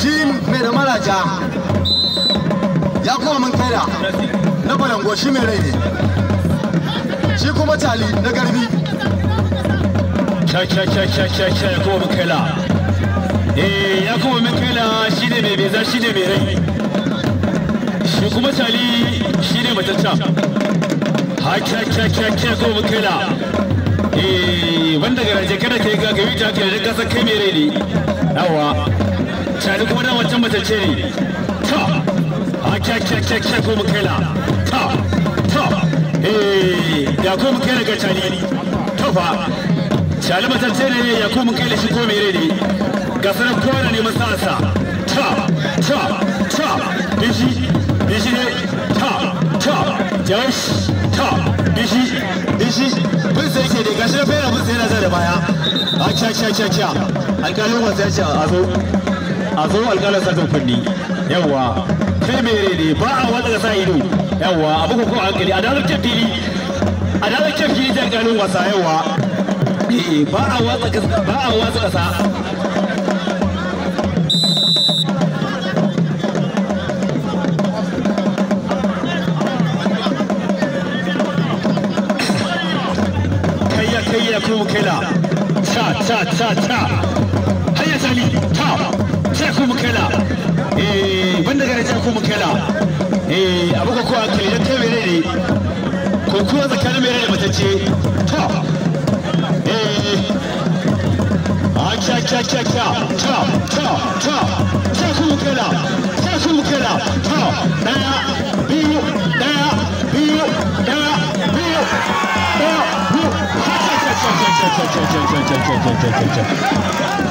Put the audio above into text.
shi mai da maraja ya kuma mun kaida na balango shi mai rai ne shi kuma tali na garbi kyakkyakkyakkyakkya ya kuma mun kaila eh ya kuma mun kaila shi ne mai beza shi ne mai rai shi kuma tali shi ne matacca ha kyakkyakkyakkya kuma mun kaila eh wanda garaje kada ka yi gagawi ta ke da kasa kai mai rai ne yawa shani kuma da wancan mace ce ne ta a kya kya kya kya ko la ta ta eh ya ko muka ga ni ta fa shani mace ce ne ya ko la shi ko mere ni ga sana ko na neman sa ta ta ta bishi bishi ne ta ta jash ta bishi bishi bin sai ke da gashi na fera bin sai na zai da baya a kya kya kya kya alƙalin wasa ya ce a zo a zo alƙalar satin kunni yawa kai mere ne ba a wanda sa ido yawa abu ko ko hankali a dalar ke fili a dalar ke fili jan ganin wasa yawa eh, ba a watsa kasa ba a watsa kasa kila cha cha cha cha hayya sali ta kuma kana eh abu ko kuwa kilidan ta mere ne ko kuwa tsakanin mere da matacce to eh a cha cha cha cha cha cha cha ta kuma kana ta kuma kana to daya biyu daya biyu daya biyu daya biyu cha cha cha cha cha cha cha cha cha cha cha cha